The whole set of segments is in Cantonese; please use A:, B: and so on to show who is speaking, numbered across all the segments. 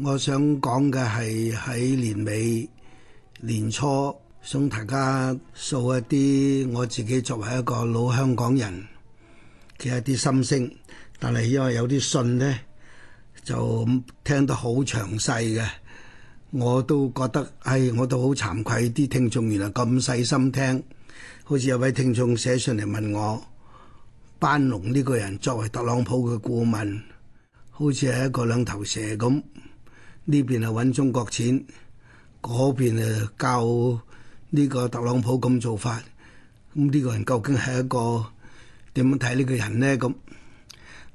A: 我想講嘅係，喺年尾年初，想大家掃一啲我自己作為一個老香港人嘅一啲心聲。但係因為有啲信呢，就聽得好詳細嘅，我都覺得唉、哎，我都好慚愧。啲聽眾原來咁細心聽，好似有位聽眾寫信嚟問我，班農呢個人作為特朗普嘅顧問，好似係一個兩頭蛇咁。呢邊係揾中國錢，嗰邊係教呢個特朗普咁做法，咁呢個人究竟係一個點樣睇呢個人咧？咁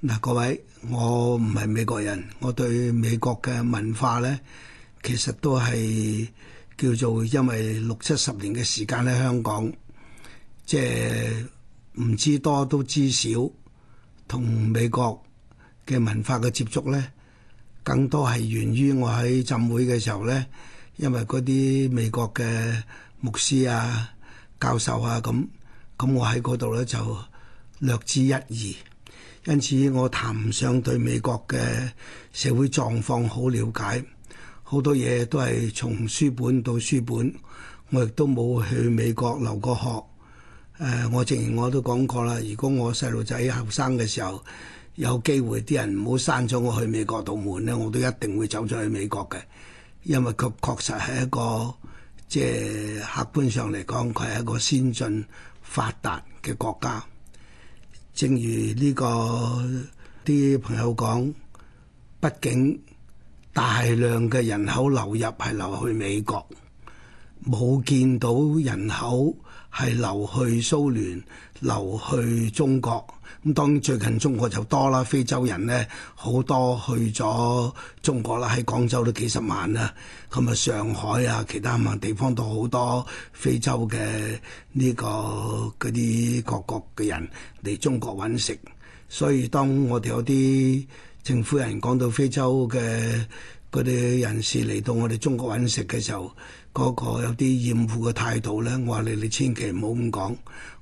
A: 嗱，各位，我唔係美國人，我對美國嘅文化咧，其實都係叫做因為六七十年嘅時間喺香港，即係唔知多都知少，同美國嘅文化嘅接觸咧。更多係源於我喺浸會嘅時候咧，因為嗰啲美國嘅牧師啊、教授啊咁，咁我喺嗰度咧就略知一二，因此我談唔上對美國嘅社會狀況好了解，好多嘢都係從書本到書本，我亦都冇去美國留過學。誒、呃，我正如我都講過啦，如果我細路仔後生嘅時候，有機會啲人唔好閂咗我去美國道門咧，我都一定會走咗去美國嘅，因為佢確實係一個即係客觀上嚟講，佢係一個先進發達嘅國家。正如呢、呢個啲朋友講，畢竟大量嘅人口流入係流去美國。冇見到人口係流去蘇聯、流去中國。咁當然最近中國就多啦，非洲人咧好多去咗中國啦，喺廣州都幾十萬啦。咁啊上海啊其他唔同地方都好多非洲嘅呢個嗰啲各國嘅人嚟中國揾食。所以當我哋有啲政府人講到非洲嘅嗰啲人士嚟到我哋中國揾食嘅時候，嗰個有啲厭惡嘅態度咧，我話你你千祈唔好咁講。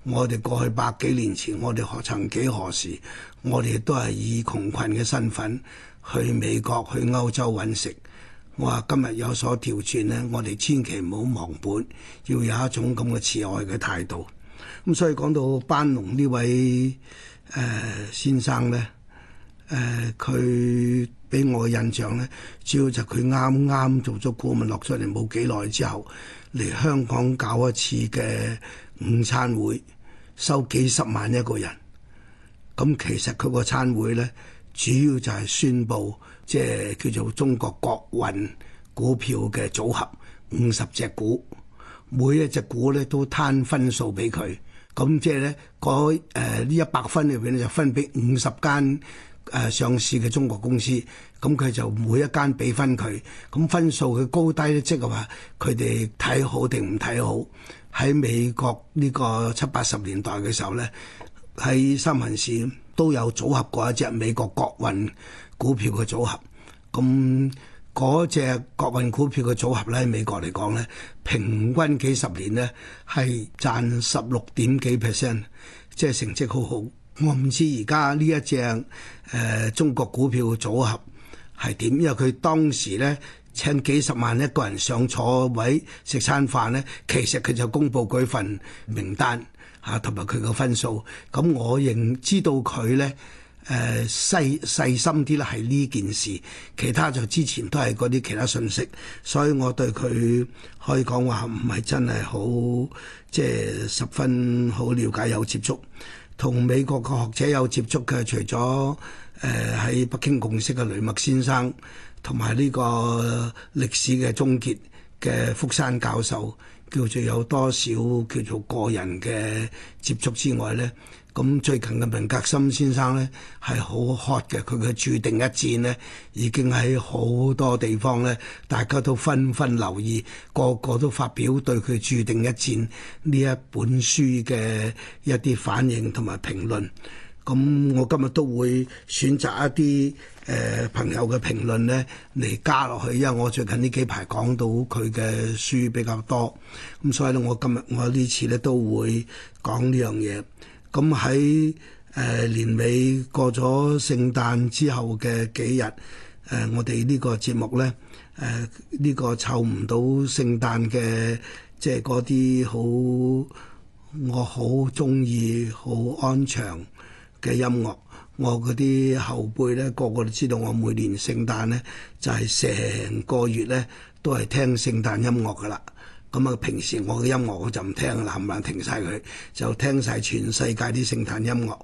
A: 我哋過去百幾年前，我哋學曾幾何時，我哋都係以窮困嘅身份去美國、去歐洲搵食。我話今日有所調轉咧，我哋千祈唔好忘本，要有一種咁嘅慈愛嘅態度。咁所以講到班農呢位誒、呃、先生咧，誒、呃、佢。俾我嘅印象咧，主要就佢啱啱做咗股民落出嚟冇幾耐之後，嚟香港搞一次嘅午餐會，收幾十萬一個人。咁、嗯、其實佢個餐會咧，主要就係宣佈，即係叫做中國國運股票嘅組合，五十隻股，每一隻股咧都攤分數俾佢。咁、嗯、即係咧，嗰呢一百分入邊咧，就分俾五十間。誒上市嘅中國公司，咁佢就每一間俾分佢，咁分數嘅高低咧，即係話佢哋睇好定唔睇好。喺美國呢個七八十年代嘅時候咧，喺三文市都有組合過一隻美國國運股票嘅組合。咁嗰隻國運股票嘅組合咧，喺美國嚟講咧，平均幾十年咧係賺十六點幾 percent，即係成績好好。我唔知而家呢一隻誒中國股票嘅組合係點，因為佢當時咧請幾十萬一個人上座位食餐飯咧，其實佢就公布嗰份名單嚇，同埋佢個分數。咁我認知道佢咧誒細細心啲咧係呢件事，其他就之前都係嗰啲其他信息，所以我對佢可以講話唔係真係好即係、就是、十分好了解有接觸。同美國嘅學者有接觸嘅，除咗誒喺北京共識嘅雷默先生，同埋呢個歷史嘅終結嘅福山教授，叫做有多少叫做個人嘅接觸之外咧？咁最近嘅文格森先生咧係好 hot 嘅，佢嘅《注定一戰》咧已經喺好多地方咧，大家都紛紛留意，個個都發表對佢《注定一戰》呢一本書嘅一啲反應同埋評論。咁我今日都會選擇一啲誒、呃、朋友嘅評論咧嚟加落去，因為我最近呢幾排講到佢嘅書比較多，咁所以咧我今日我次呢次咧都會講呢樣嘢。咁喺誒年尾過咗聖誕之後嘅幾日，誒、呃、我哋呢個節目咧，誒、呃、呢、呢個湊唔到聖誕嘅，即係嗰啲好，我好中意好安詳嘅音樂。我嗰啲後輩咧，個個都知道我每年聖誕咧，就係、係、成個月咧都係聽聖誕音樂噶啦。咁啊！平時我嘅音樂我就唔聽啦，冚唪唥停晒佢，就聽晒全世界啲聖誕音樂。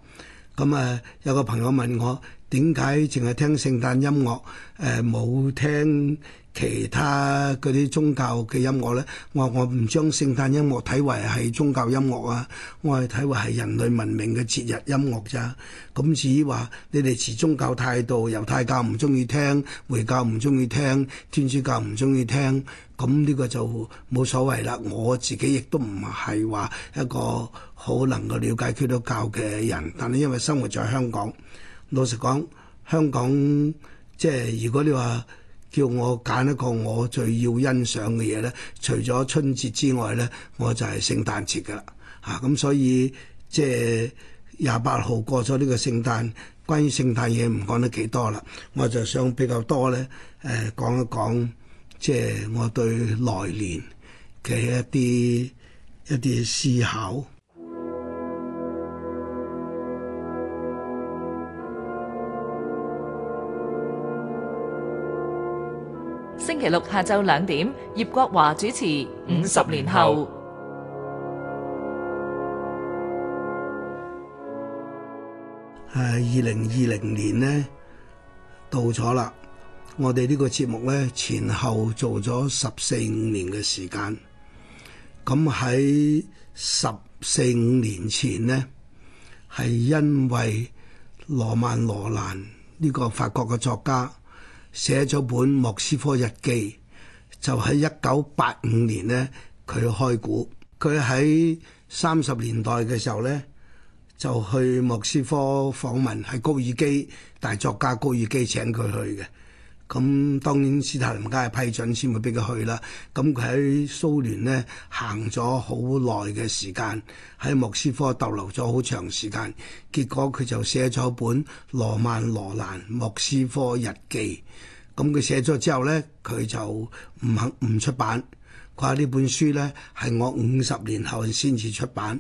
A: 咁、嗯、啊，有個朋友問我點解淨係聽聖誕音樂？誒、呃，冇聽？」其他嗰啲宗教嘅音樂咧，我我唔將聖誕音樂睇為係宗教音樂啊，我係睇為係人類文明嘅節日音樂咋。咁至於話你哋持宗教態度，猶太教唔中意聽，回教唔中意聽，天主教唔中意聽，咁呢個就冇所謂啦。我自己亦都唔係話一個好能夠瞭解基督教嘅人，但係因為生活在香港，老實講，香港即係如果你話，叫我揀一個我最要欣賞嘅嘢呢，除咗春節之外呢，我就係聖誕節㗎喇吓，咁、啊、所以即係廿八號過咗呢個聖誕，關於聖誕嘢唔講得幾多啦，我就想比較多呢誒、呃、講一講，即係我對來年嘅一啲一啲思考。星期六下晝兩點，葉國華主持《五十年後》。誒，二零二零年咧，到咗啦，我哋呢個節目咧，前後做咗十四五年嘅時間。咁喺十四五年前咧，係因為羅曼羅蘭呢個法國嘅作家。寫咗本莫斯科日記，就喺一九八五年咧，佢開股。佢喺三十年代嘅時候咧，就去莫斯科訪問，係高爾基，大作家高爾基請佢去嘅。咁當然斯大林嘅批准先會俾佢去啦。咁佢喺蘇聯咧行咗好耐嘅時間，喺莫斯科逗留咗好長時間。結果佢就寫咗本《羅曼·羅蘭莫斯科日記》。咁佢寫咗之後咧，佢就唔肯唔出版。佢話呢本書咧，係我五十年後先至出版。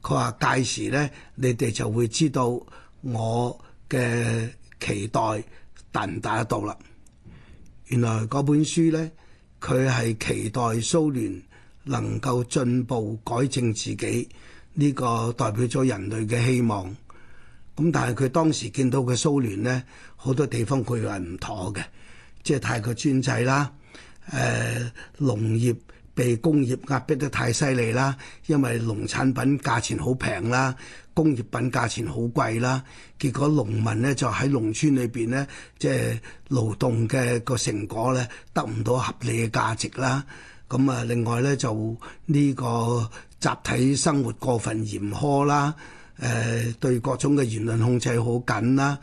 A: 佢話屆時咧，你哋就會知道我嘅期待。達唔達得到啦！原來嗰本書咧，佢係期待蘇聯能夠進步、改正自己，呢、這個代表咗人類嘅希望。咁但係佢當時見到嘅蘇聯咧，好多地方佢係唔妥嘅，即係太過專制啦，誒、呃、農業。被工業壓迫得太犀利啦，因為農產品價錢好平啦，工業品價錢好貴啦，結果農民咧就喺農村裏邊咧，即係勞動嘅個成果咧得唔到合理嘅價值啦。咁啊，另外咧就呢個集體生活過分嚴苛啦，誒對各種嘅言論控制好緊啦，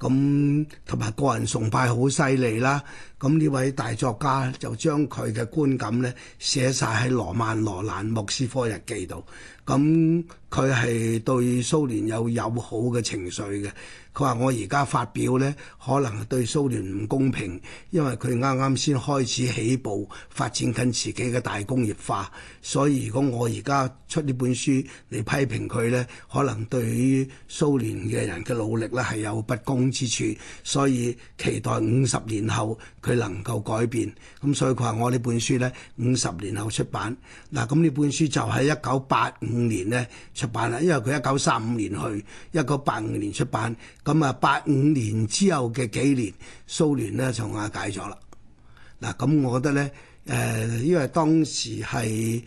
A: 咁同埋個人崇拜好犀利啦。咁呢位大作家就將佢嘅觀感呢寫晒喺羅曼·羅蘭《莫斯科日記》度，嗯。咁佢係對蘇聯有友好嘅情緒嘅。佢話：我而家發表呢，可能對蘇聯唔公平，因為佢啱啱先開始起步，發展緊自己嘅大工業化。所以如果我而家出呢本書嚟批評佢呢，可能對於蘇聯嘅人嘅努力呢係有不公之處。所以期待五十年後。佢能夠改變，咁所以佢話我呢本書呢，五十年後出版。嗱，咁呢本書就喺一九八五年呢出版啦，因為佢一九三五年去，一九八五年出版。咁啊，八五年之後嘅幾年，蘇聯呢就瓦解咗啦。嗱，咁我覺得呢，誒，因為當時係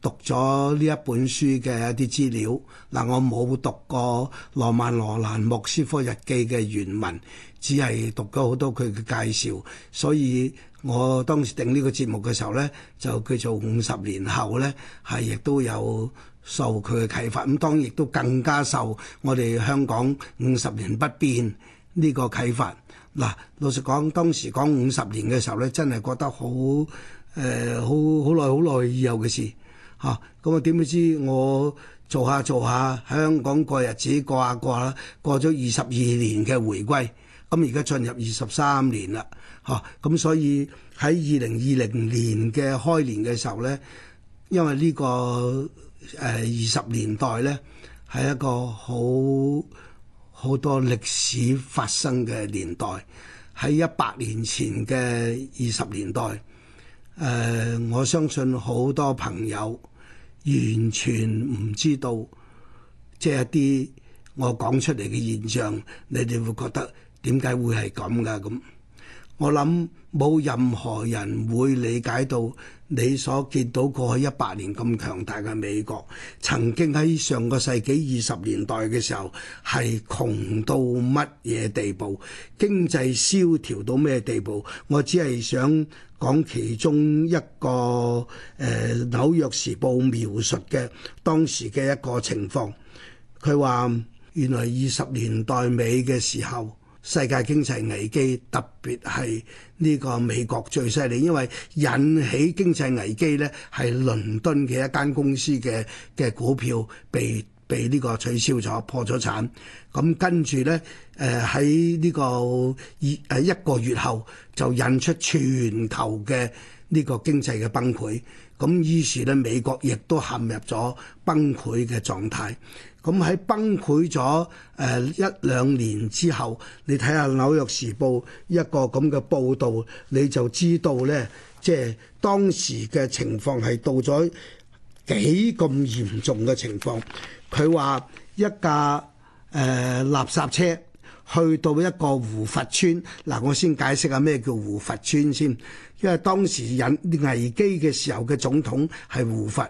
A: 讀咗呢一本書嘅一啲資料。嗱，我冇讀過羅曼·羅蘭《莫斯科日記》嘅原文。只係讀咗好多佢嘅介紹，所以我當時定呢個節目嘅時候咧，就叫做五十年後咧，係亦都有受佢嘅啟發。咁當然亦都更加受我哋香港五十年不變呢個啟發。嗱，老實講，當時講五十年嘅時候咧，真係覺得好誒，好好耐好耐以後嘅事嚇。咁啊，點知我做下做下，香港過日子過下過下，過咗二十二年嘅回歸。咁而家進入二十三年啦，嚇，咁所以喺二零二零年嘅開年嘅時候咧，因為呢個誒二十年代咧係一個好好多歷史發生嘅年代，喺一百年前嘅二十年代，誒我相信好多朋友完全唔知道，即係一啲我講出嚟嘅現象，你哋會覺得。點解會係咁噶？咁我諗冇任何人會理解到你所見到過去一百年咁強大嘅美國，曾經喺上個世紀二十年代嘅時候係窮到乜嘢地步，經濟蕭條到咩地步？我只係想講其中一個誒、呃《紐約時報》描述嘅當時嘅一個情況。佢話原來二十年代尾嘅時候。世界經濟危機特別係呢個美國最犀利，因為引起經濟危機呢係倫敦嘅一間公司嘅嘅股票被被呢個取消咗，破咗產。咁跟住呢，誒喺呢個二誒一個月後，就引出全球嘅呢個經濟嘅崩潰。咁於是咧，美國亦都陷入咗崩潰嘅狀態。咁喺崩潰咗誒一兩年之後，你睇下《紐約時報》一個咁嘅報道，你就知道呢，即係當時嘅情況係到咗幾咁嚴重嘅情況。佢話一架誒、呃、垃圾車。去到一個胡佛村，嗱，我先解釋下咩叫胡佛村先，因為當時引危機嘅時候嘅總統係胡佛。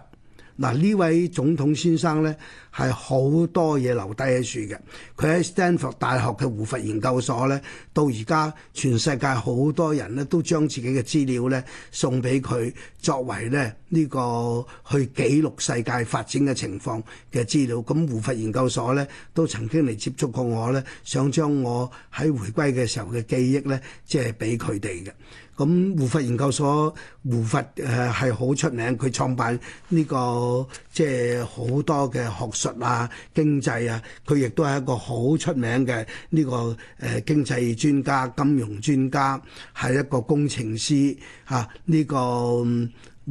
A: 嗱，呢位總統先生呢。係好多嘢留低喺處嘅，佢喺 Stanford 大學嘅胡佛研究所咧，到而家全世界好多人咧，都將自己嘅資料咧送俾佢，作為咧呢、這個去記錄世界發展嘅情況嘅資料。咁胡佛研究所咧都曾經嚟接觸過我咧，想將我喺迴歸嘅時候嘅記憶咧，即係俾佢哋嘅。咁胡佛研究所胡佛，誒係好出名，佢創辦呢、這個即係好多嘅學術。術啊，經濟啊，佢亦都係一個好出名嘅呢個誒經濟專家、金融專家，係一個工程師吓呢、啊這個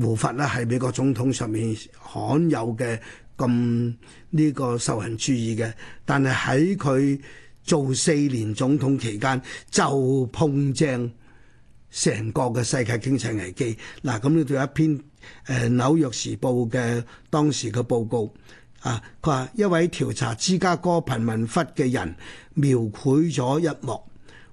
A: 胡佛呢，係美國總統上面罕有嘅咁呢個受人注意嘅。但係喺佢做四年總統期間，就碰正成個嘅世界經濟危機嗱。咁呢度有一篇誒《紐、呃、約時報》嘅當時嘅報告。啊！佢話一位調查芝加哥貧民窟嘅人描繪咗一幕，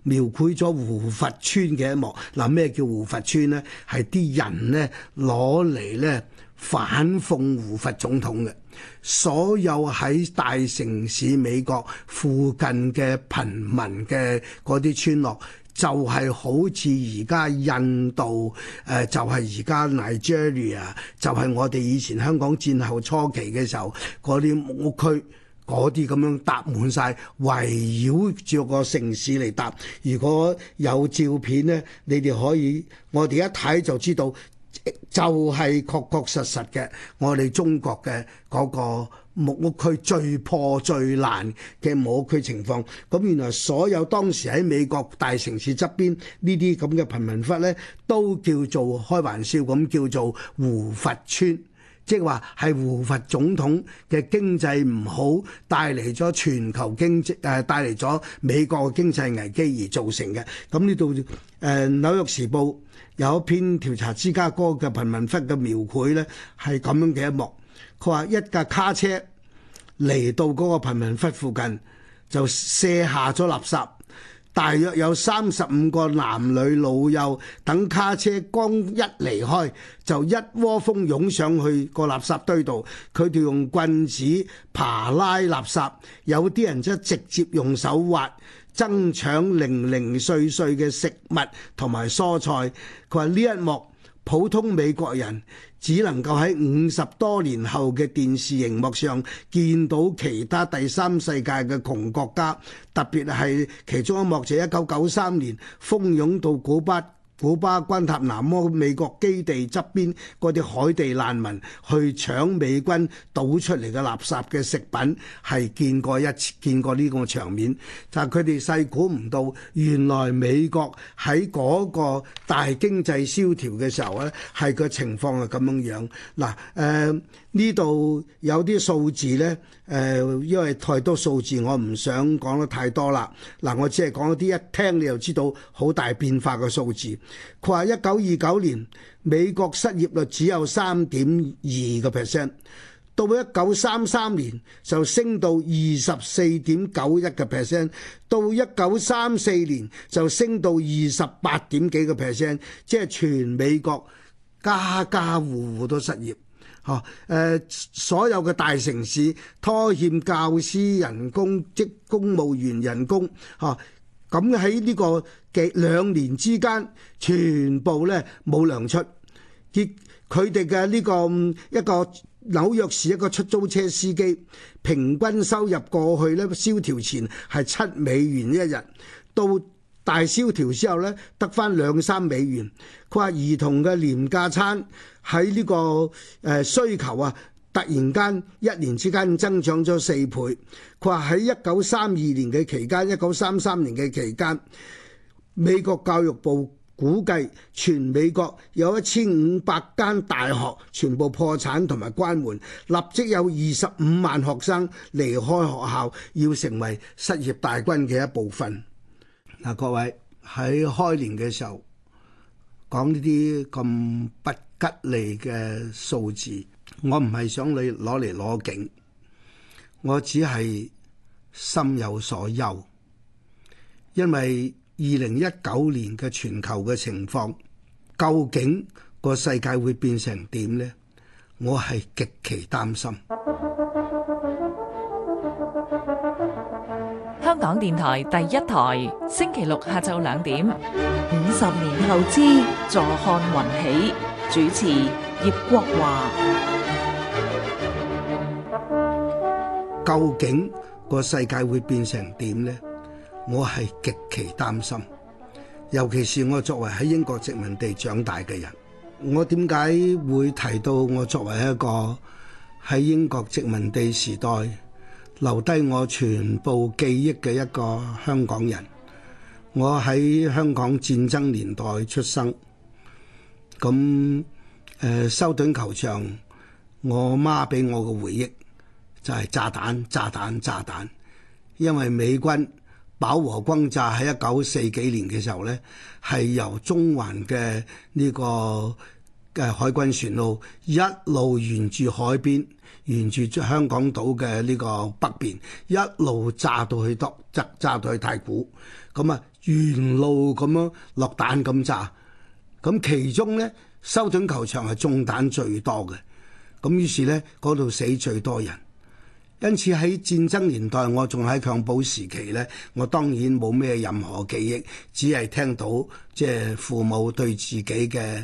A: 描繪咗胡佛村嘅一幕。嗱、啊，咩叫胡佛村咧？係啲人咧攞嚟咧反諷胡佛總統嘅。所有喺大城市美國附近嘅貧民嘅嗰啲村落。就係好似而家印度，誒、呃、就係、是、而家 Nigeria，就係我哋以前香港戰後初期嘅時候，嗰啲屋區嗰啲咁樣搭滿晒，圍繞住個城市嚟搭。如果有照片呢，你哋可以，我哋一睇就知道，就係、是、確確實實嘅我哋中國嘅嗰、那個。木屋區最破最爛嘅摸區情況，咁原來所有當時喺美國大城市側邊呢啲咁嘅貧民窟呢，都叫做開玩笑咁叫做胡佛村，即係話係胡佛總統嘅經濟唔好帶嚟咗全球經濟誒帶嚟咗美國經濟危機而造成嘅。咁呢度誒《紐約時報》有一篇調查芝加哥嘅貧民窟嘅描繪呢，係咁樣嘅一幕。佢話一架卡車嚟到嗰個貧民窟附近，就卸下咗垃圾。大約有三十五個男女老幼，等卡車剛一離開，就一窩蜂湧上去個垃圾堆度。佢哋用棍子扒拉垃圾，有啲人即係直接用手挖爭搶零零碎碎嘅食物同埋蔬菜。佢話呢一幕。普通美國人只能夠喺五十多年後嘅電視熒幕上見到其他第三世界嘅窮國家，特別係其中一幕就係一九九三年蜂擁到古巴。古巴關塔那摩美國基地側邊嗰啲海地難民去搶美軍倒出嚟嘅垃圾嘅食品，係見過一次，見過呢個場面。但佢哋細估唔到，原來美國喺嗰個大經濟蕭條嘅時候呢，係個情況係咁樣樣。嗱，誒。呢度有啲數字呢，誒、呃，因為太多數字，我唔想講得太多啦。嗱、呃，我只係講一啲一聽你就知道好大變化嘅數字。佢話一九二九年美國失業率只有三點二個 percent，到一九三三年就升到二十四點九一個 percent，到一九三四年就升到二十八點幾個 percent，即係全美國家家戶戶都失業。哦，誒、啊，所有嘅大城市拖欠教師人工、即公務員人工，嚇、啊，咁喺呢個幾兩年之間，全部呢冇糧出。結佢哋嘅呢個一個紐約市一個出租車司機，平均收入過去呢個蕭條前係七美元一日，到。大蕭條之後咧，得返兩三美元。佢話兒童嘅廉價餐喺呢個誒需求啊，突然間一年之間增長咗四倍。佢話喺一九三二年嘅期間，一九三三年嘅期間，美國教育部估計全美國有一千五百間大學全部破產同埋關門，立即有二十五萬學生離開學校，要成為失業大軍嘅一部分。嗱，各位喺開年嘅時候講呢啲咁不吉利嘅數字，我唔係想你攞嚟攞景，我只係心有所憂，因為二零一九年嘅全球嘅情況究竟個世界會變成點呢？我係極其擔心。港電台第一台，星期六下晝兩點。五十年後之，坐看雲起。主持葉國華。究竟個世界會變成點呢？我係極其擔心，尤其是我作為喺英國殖民地長大嘅人，我點解會提到我作為一個喺英國殖民地時代？留低我全部記憶嘅一個香港人，我喺香港戰爭年代出生，咁誒，修頓球場，我媽俾我嘅回憶就係炸彈、炸彈、炸彈，因為美軍飽和轟炸喺一九四幾年嘅時候，呢係由中環嘅呢個嘅海軍船路一路沿住海邊。沿住香港島嘅呢個北邊，一路炸到去多，即炸到去太古，咁啊，沿路咁樣落彈咁炸，咁其中呢，修頓球場係中彈最多嘅，咁於是呢，嗰度死最多人。因此喺戰爭年代，我仲喺襁褓時期呢，我當然冇咩任何記憶，只係聽到即係父母對自己嘅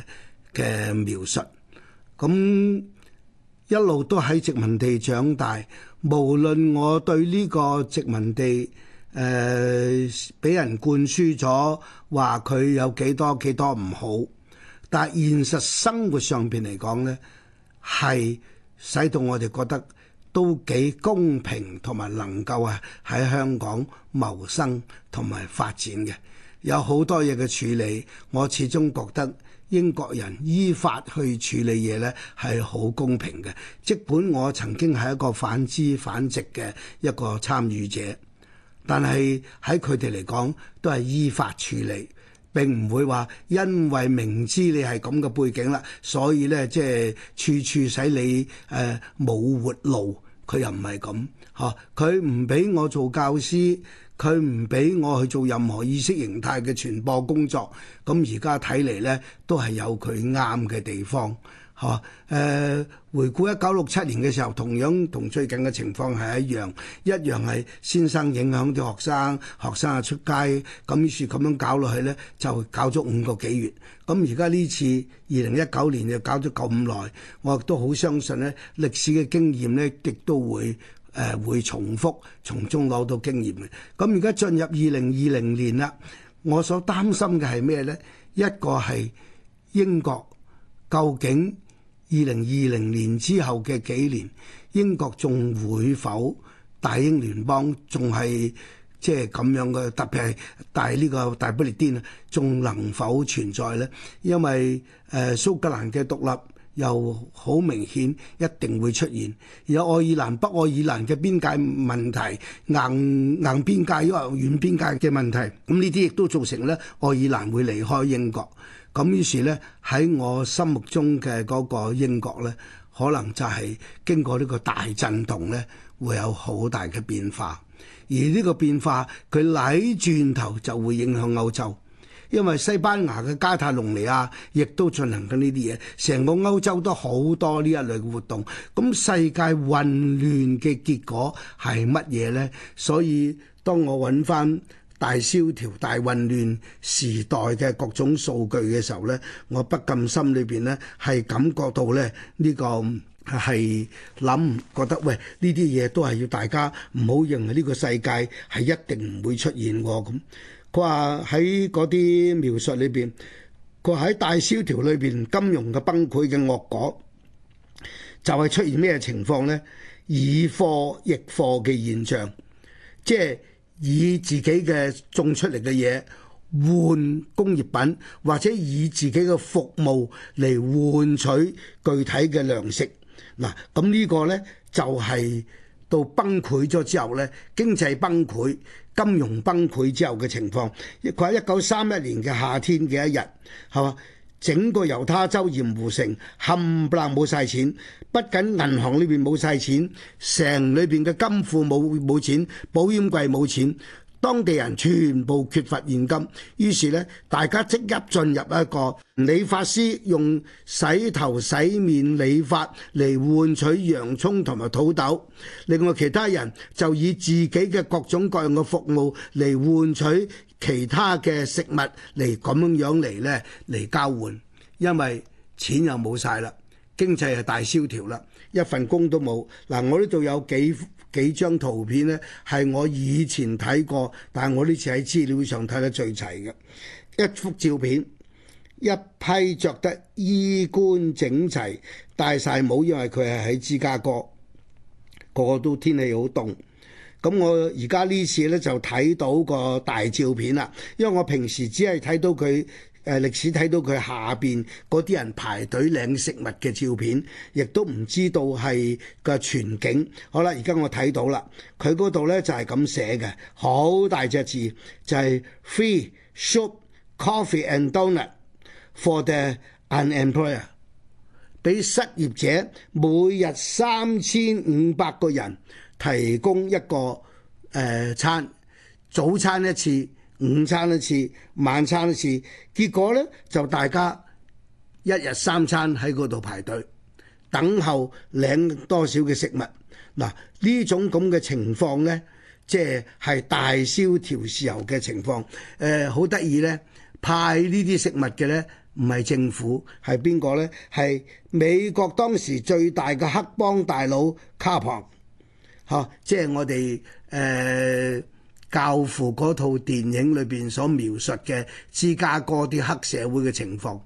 A: 嘅描述，咁。一路都喺殖民地長大，無論我對呢個殖民地誒、呃、俾人灌輸咗話佢有幾多幾多唔好，但係現實生活上面嚟講咧，係使到我哋覺得都幾公平同埋能夠啊喺香港謀生同埋發展嘅，有好多嘢嘅處理，我始終覺得。英國人依法去處理嘢呢係好公平嘅，即本我曾經係一個反資反殖嘅一個參與者，但係喺佢哋嚟講都係依法處理，並唔會話因為明知你係咁嘅背景啦，所以呢，即係處處使你誒冇、呃、活路，佢又唔係咁，嚇佢唔俾我做教師。佢唔俾我去做任何意識形態嘅傳播工作，咁而家睇嚟呢，都係有佢啱嘅地方，嚇。誒、呃，回顧一九六七年嘅時候，同樣同最近嘅情況係一樣，一樣係先生影響啲學生，學生啊出街，咁於是咁樣搞落去呢，就搞咗五個幾月。咁而家呢次二零一九年就搞咗咁耐，我亦都好相信呢歷史嘅經驗呢，亦都會。誒會重複，從中攞到經驗嘅。咁而家進入二零二零年啦，我所擔心嘅係咩咧？一個係英國究竟二零二零年之後嘅幾年，英國仲會否大英聯邦仲係即係咁樣嘅？特別係大呢個大不列顛啊，仲能否存在咧？因為誒蘇格蘭嘅獨立。又好明顯，一定會出現。有愛爾蘭北愛爾蘭嘅邊界問題，硬硬邊界因為軟邊界嘅問題，咁呢啲亦都造成咧愛爾蘭會離開英國。咁於是咧喺我心目中嘅嗰個英國咧，可能就係經過呢個大震動咧，會有好大嘅變化。而呢個變化，佢嚟轉頭就會影響歐洲。因為西班牙嘅加泰隆尼亞亦都進行緊呢啲嘢，成個歐洲都好多呢一類嘅活動。咁世界混亂嘅結果係乜嘢呢？所以當我揾翻大蕭條、大混亂時代嘅各種數據嘅時候呢，我不禁心裏面呢係感覺到呢，呢個係諗，覺得喂，呢啲嘢都係要大家唔好認為呢個世界係一定唔會出現喎咁。佢話喺嗰啲描述裏邊，佢喺大蕭條裏邊金融嘅崩潰嘅惡果，就係出現咩情況呢？以貨易貨嘅現象，即係以自己嘅種出嚟嘅嘢換工業品，或者以自己嘅服務嚟換取具體嘅糧食。嗱，咁呢個呢，就係到崩潰咗之後呢，經濟崩潰。金融崩潰之後嘅情況，佢喺一九三一年嘅夏天嘅一日，係嘛？整個猶他州鹽湖城冚唪唥冇晒錢，不僅銀行裏邊冇晒錢，城裏邊嘅金庫冇冇錢，保險櫃冇錢。當地人全部缺乏現金，於是呢，大家即刻進入一個理髮師用洗頭洗面理髮嚟換取洋蔥同埋土豆，另外其他人就以自己嘅各種各樣嘅服務嚟換取其他嘅食物嚟咁樣嚟呢嚟交換，因為錢又冇晒啦。經濟係大蕭條啦，一份工都冇。嗱、啊，我呢度有幾幾張圖片呢，係我以前睇過，但係我呢次喺資料上睇得最齊嘅一幅照片，一批着得衣冠整齊，戴晒帽，因為佢係喺芝加哥，個個都天氣好凍。咁我而家呢次呢，就睇到個大照片啦，因為我平時只係睇到佢。誒歷史睇到佢下邊嗰啲人排隊領食物嘅照片，亦都唔知道係個全景。好啦，而家我睇到啦，佢嗰度呢就係咁寫嘅，好大隻字就係、是、free soup coffee and donut for the unemployed，俾失業者每日三千五百個人提供一個誒、呃、餐早餐一次，午餐一次，晚餐一次，結果呢，就大家一日三餐喺嗰度排隊等候領多少嘅食物。嗱，呢種咁嘅情況呢，即係大蕭條時候嘅情況。誒好得意呢，派呢啲食物嘅呢，唔係政府，係邊個呢？係美國當時最大嘅黑幫大佬卡邦嚇，即係我哋誒。呃教父嗰套電影裏邊所描述嘅芝加哥啲黑社會嘅情況，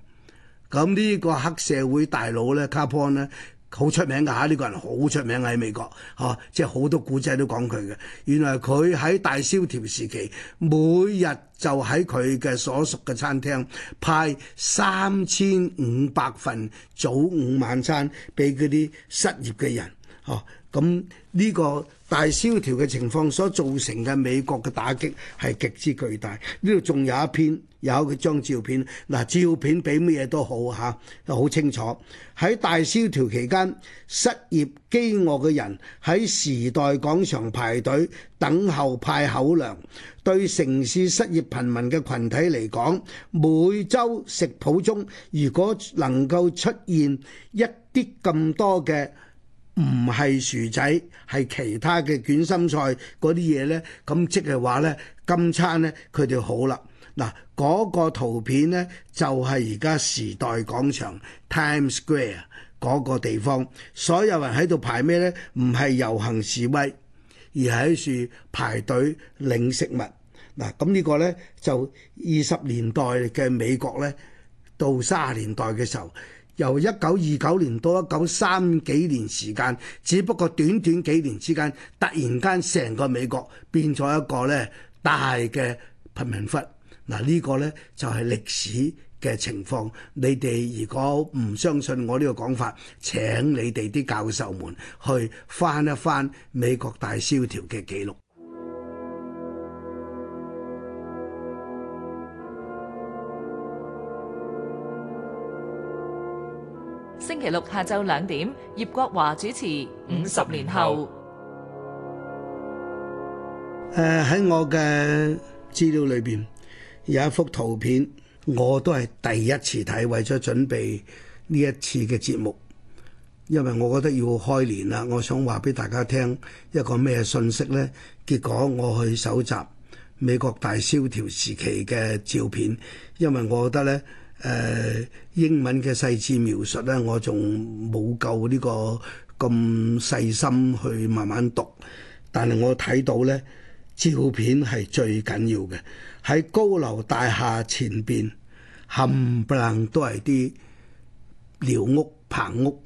A: 咁呢個黑社會大佬咧，卡波呢，好出名㗎嚇，呢、這個人好出名喺美國，嚇、啊，即係好多古仔都講佢嘅。原來佢喺大蕭條時期，每日就喺佢嘅所屬嘅餐廳派三千五百份早午晚餐俾嗰啲失業嘅人，嚇、啊。咁呢個大蕭條嘅情況所造成嘅美國嘅打擊係極之巨大。呢度仲有一篇，有一張照片。嗱，照片比乜嘢都好吓，好、啊、清楚。喺大蕭條期間，失業飢餓嘅人喺時代廣場排隊等候派口糧。對城市失業貧民嘅群體嚟講，每週食譜中如果能夠出現一啲咁多嘅。唔係薯仔，係其他嘅捲心菜嗰啲嘢呢。咁即係話呢，今餐呢，佢哋好啦。嗱，嗰個圖片呢，就係而家時代廣場 Times Square 嗰個地方，所有人喺度排咩呢？唔係遊行示威，而係喺處排隊領食物。嗱，咁呢個呢，就二十年代嘅美國呢，到三十年代嘅時候。由一九二九年到一九三幾年時間，只不過短短幾年之間，突然間成個美國變咗一個咧大嘅貧民窟。嗱，呢個呢就係歷史嘅情況。你哋如果唔相信我呢個講法，請你哋啲教授們去翻一翻美國大蕭條嘅記錄。星期六下晝兩點，葉國華主持《五十年後》呃。誒，喺我嘅資料裏邊有一幅圖片，我都係第一次睇，為咗準備呢一次嘅節目，因為我覺得要開年啦，我想話俾大家聽一個咩信息呢？結果我去搜集美國大蕭條時期嘅照片，因為我覺得呢。誒、呃、英文嘅細緻描述咧，我仲冇夠呢、呢個咁細心去慢慢讀，但係我睇到咧，照片係最緊要嘅。喺高樓大廈前邊，冚唪唥都係啲寮屋棚屋。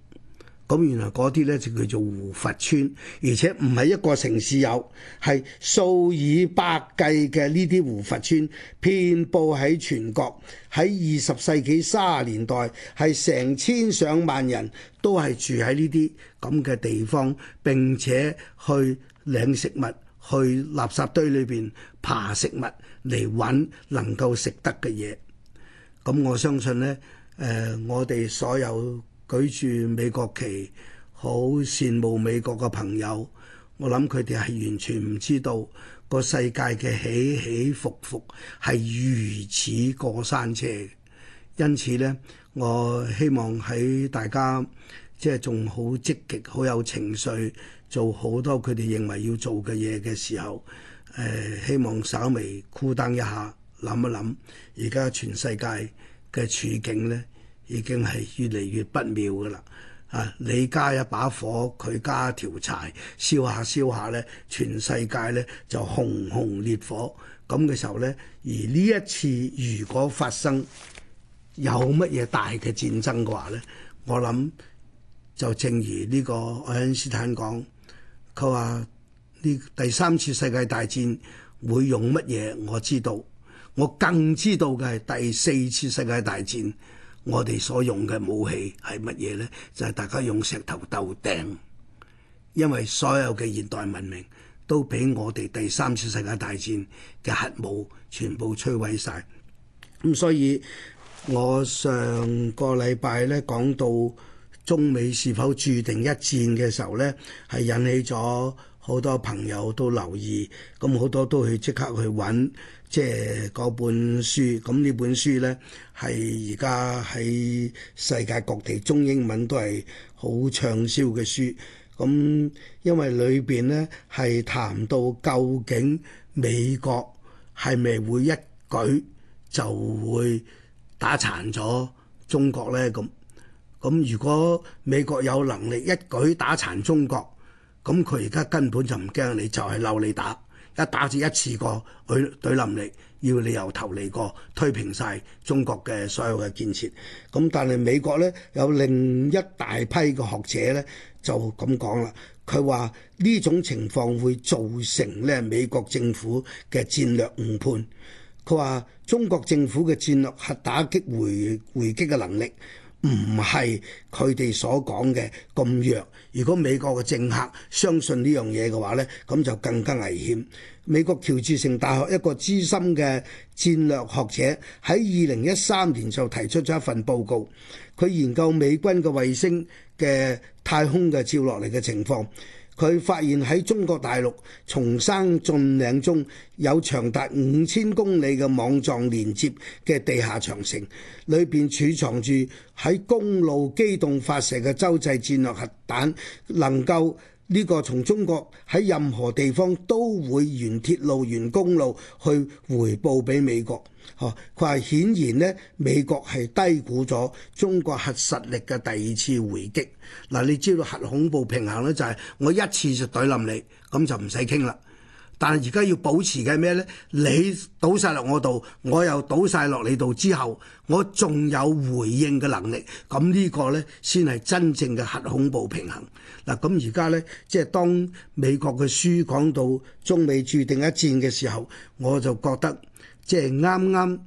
A: 咁原來嗰啲呢就叫做胡佛村，而且唔係一個城市有，係數以百計嘅呢啲胡佛村，遍佈喺全國。喺二十世紀三十年代，係成千上萬人都係住喺呢啲咁嘅地方，並且去領食物，去垃圾堆裏邊爬食物嚟揾能夠食得嘅嘢。咁我相信呢，誒、呃、我哋所有，舉住美國旗，好羨慕美國嘅朋友。我諗佢哋係完全唔知道個世界嘅起起伏伏係如此過山車。因此呢，我希望喺大家即係仲好積極、好有情緒，做好多佢哋認為要做嘅嘢嘅時候，誒、呃、希望稍微 cooldown 一下，諗一諗而家全世界嘅處境呢。已經係越嚟越不妙噶啦！啊，你加一把火，佢加一條柴，燒下燒下咧，全世界咧就熊熊烈火咁嘅時候咧。而呢一次如果發生有乜嘢大嘅戰爭嘅話咧，我諗就正如呢個愛因斯坦講，佢話呢第三次世界大戰會用乜嘢？我知道，我更知道嘅係第四次世界大戰。我哋所用嘅武器係乜嘢呢？就係、是、大家用石頭鬥掟，因為所有嘅現代文明都俾我哋第三次世界大戰嘅核武全部摧毀晒。咁、嗯、所以，我上個禮拜呢，講到中美是否注定一戰嘅時候呢，係引起咗好多朋友都留意，咁好多都去即刻去揾。即係嗰本書，咁呢本書咧係而家喺世界各地中英文都係好暢銷嘅書。咁因為裏邊咧係談到究竟美國係咪會一舉就會打殘咗中國咧？咁咁如果美國有能力一舉打殘中國，咁佢而家根本就唔驚你，就係、是、嬲你打。一打至一次過，佢對冧力要你由頭嚟過，推平晒中國嘅所有嘅建設。咁但係美國呢，有另一大批嘅學者呢，就咁講啦，佢話呢種情況會造成呢美國政府嘅戰略誤判。佢話中國政府嘅戰略核打擊回回擊嘅能力唔係佢哋所講嘅咁弱。如果美國嘅政客相信呢樣嘢嘅話呢，咁就更加危險。美國喬治城大學一個資深嘅戰略學者喺二零一三年就提出咗一份報告，佢研究美軍嘅衛星嘅太空嘅照落嚟嘅情況。佢發現喺中國大陸崇山峻嶺中有長達五千公里嘅網狀連接嘅地下長城，裏邊儲藏住喺公路機動發射嘅洲際戰略核彈，能夠。呢個從中國喺任何地方都會沿鐵路沿公路去回報俾美國，呵佢係顯然呢，美國係低估咗中國核實力嘅第二次回擊。嗱、啊，你知道核恐怖平衡呢，就係、是、我一次就對冧你，咁就唔使傾啦。但係而家要保持嘅係咩呢？你倒晒落我度，我又倒晒落你度之後，我仲有回應嘅能力，咁呢個呢，先係真正嘅核恐怖平衡。嗱、啊，咁而家呢，即係當美國嘅書講到中美注定一戰嘅時候，我就覺得即係啱啱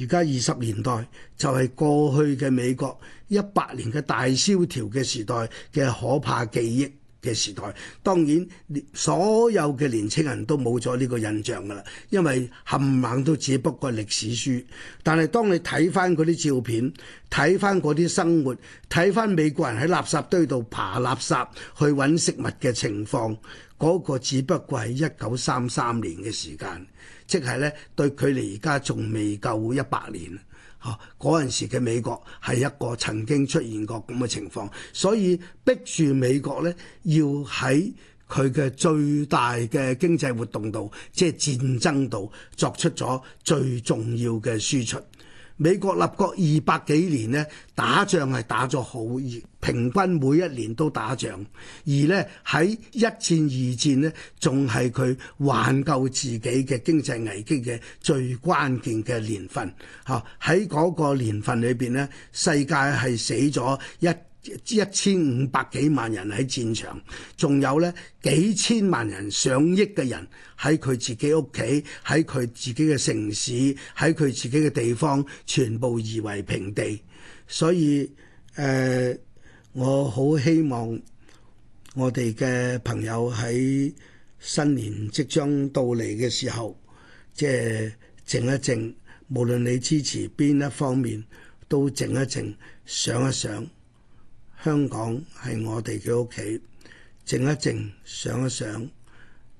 A: 而家二十年代就係、是、過去嘅美國一百年嘅大蕭條嘅時代嘅可怕記憶。嘅時代，當然所有嘅年青人都冇咗呢個印象㗎啦，因為冚唪唥都只不過係歷史書。但係當你睇翻嗰啲照片，睇翻嗰啲生活，睇翻美國人喺垃圾堆度爬垃圾去揾食物嘅情況，嗰個只不過係一九三三年嘅時間，即係呢對距離而家仲未夠一百年。哦、嗰陣時嘅美國係一個曾經出現過咁嘅情況，所以逼住美國咧，要喺佢嘅最大嘅經濟活動度，即係戰爭度作出咗最重要嘅輸出。美國立國二百幾年咧，打仗係打咗好熱，平均每一年都打仗。而咧喺一戰、二戰咧，仲係佢挽救自己嘅經濟危機嘅最關鍵嘅年份。嚇喺嗰個年份裏邊咧，世界係死咗一。一千五百幾萬人喺戰場，仲有咧幾千萬人、上億嘅人喺佢自己屋企、喺佢自己嘅城市、喺佢自己嘅地方，全部夷為平地。所以誒，我好希望我哋嘅朋友喺新年即將到嚟嘅時候，即係靜一靜，無論你支持邊一方面，都靜一靜，想一想。香港係我哋嘅屋企，靜一靜，想一想，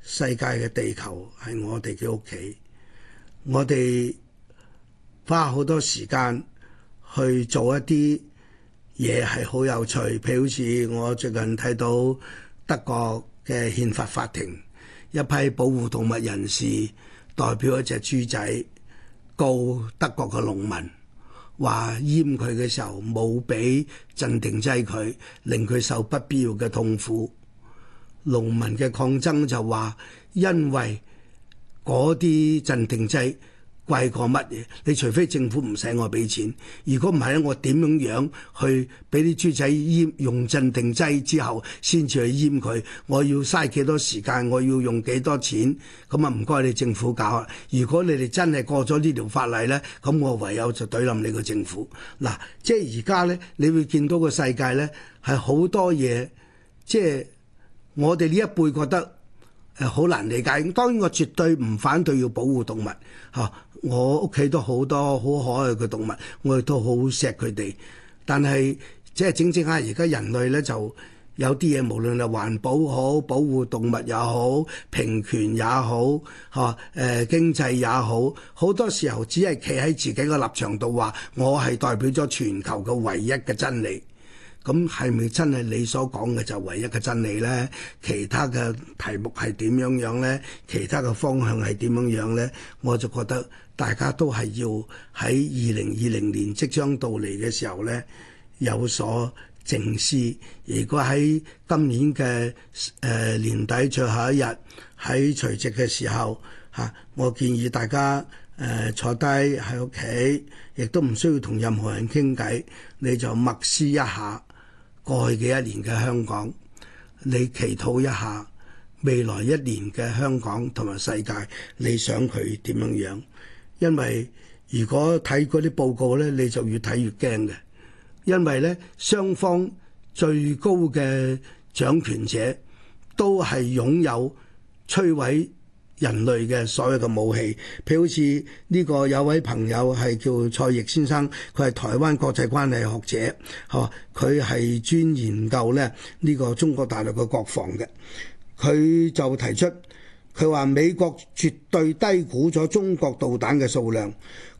A: 世界嘅地球係我哋嘅屋企。我哋花好多時間去做一啲嘢係好有趣，譬如好似我最近睇到德國嘅憲法法庭，一批保護動物人士代表一隻豬仔告德國嘅農民。話閹佢嘅時候冇俾鎮定劑佢，令佢受不必要嘅痛苦。農民嘅抗爭就話，因為嗰啲鎮定劑。貴過乜嘢？你除非政府唔使我俾錢，如果唔係咧，我點樣樣去俾啲豬仔閹？用鎮定劑之後先至去閹佢，我要嘥幾多時間，我要用幾多錢？咁啊，唔該你政府搞。如果你哋真係過咗呢條法例咧，咁我唯有就懟冧你個政府。嗱，即係而家咧，你會見到個世界咧，係好多嘢，即係我哋呢一輩覺得係好難理解。當然，我絕對唔反對要保護動物，吓、啊。我屋企都好多好可愛嘅動物，我哋都好錫佢哋。但係即係整整下，而家人類呢，就有啲嘢，無論係環保好、保護動物也好、平權也好、嚇、啊、誒、呃、經濟也好，好多時候只係企喺自己嘅立場度話，我係代表咗全球嘅唯一嘅真理。咁係咪真係你所講嘅就唯一嘅真理呢？其他嘅題目係點樣樣呢？其他嘅方向係點樣樣呢？我就覺得。大家都係要喺二零二零年即將到嚟嘅時候呢，有所靜思。如果喺今年嘅誒、呃、年底最後一日喺除夕嘅時候嚇、啊，我建議大家誒、呃、坐低喺屋企，亦都唔需要同任何人傾偈，你就默思一下過去嘅一年嘅香港，你祈禱一下未來一年嘅香港同埋世界，你想佢點樣樣？因為如果睇嗰啲報告呢，你就越睇越驚嘅。因為呢，雙方最高嘅掌權者都係擁有摧毀人類嘅所有嘅武器。譬如好似呢個有位朋友係叫蔡毅先生，佢係台灣國際關係學者，呵，佢係專研究咧呢個中國大陸嘅國防嘅，佢就提出。佢話美國絕對低估咗中國導彈嘅數量。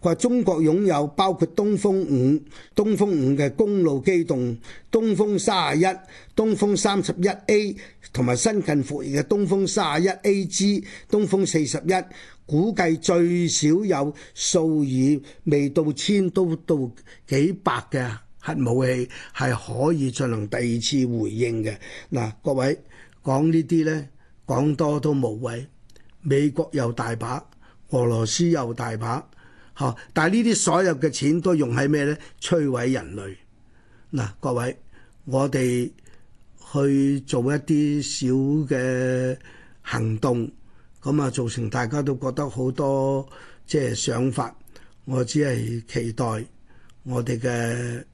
A: 佢話中國擁有包括東風五、東風五嘅公路機動、東風三十一、東風三十一 A 同埋新近服役嘅東風三十一 AG、東風四十一，估計最少有數以未到千都到幾百嘅核武器係可以進行第二次回應嘅。嗱，各位講呢啲呢。講多都無謂，美國又大把，俄羅斯又大把，嚇、啊！但係呢啲所有嘅錢都用喺咩咧？摧毀人類。嗱、啊，各位，我哋去做一啲小嘅行動，咁啊造成大家都覺得好多即係、就是、想法。我只係期待我哋嘅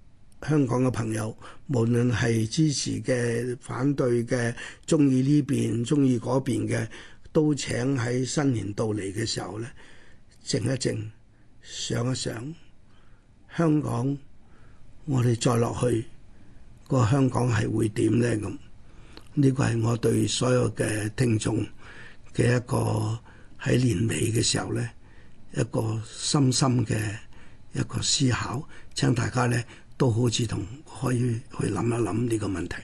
A: 香港嘅朋友。無論係支持嘅、反對嘅、中意呢邊、中意嗰邊嘅，都請喺新年到嚟嘅時候咧，靜一靜，想一想香港，我哋再落去個香港係會點咧？咁呢個係我對所有嘅聽眾嘅一個喺年尾嘅時候咧，一個深深嘅一個思考，請大家咧。都好似同，可以去諗一諗呢個問題。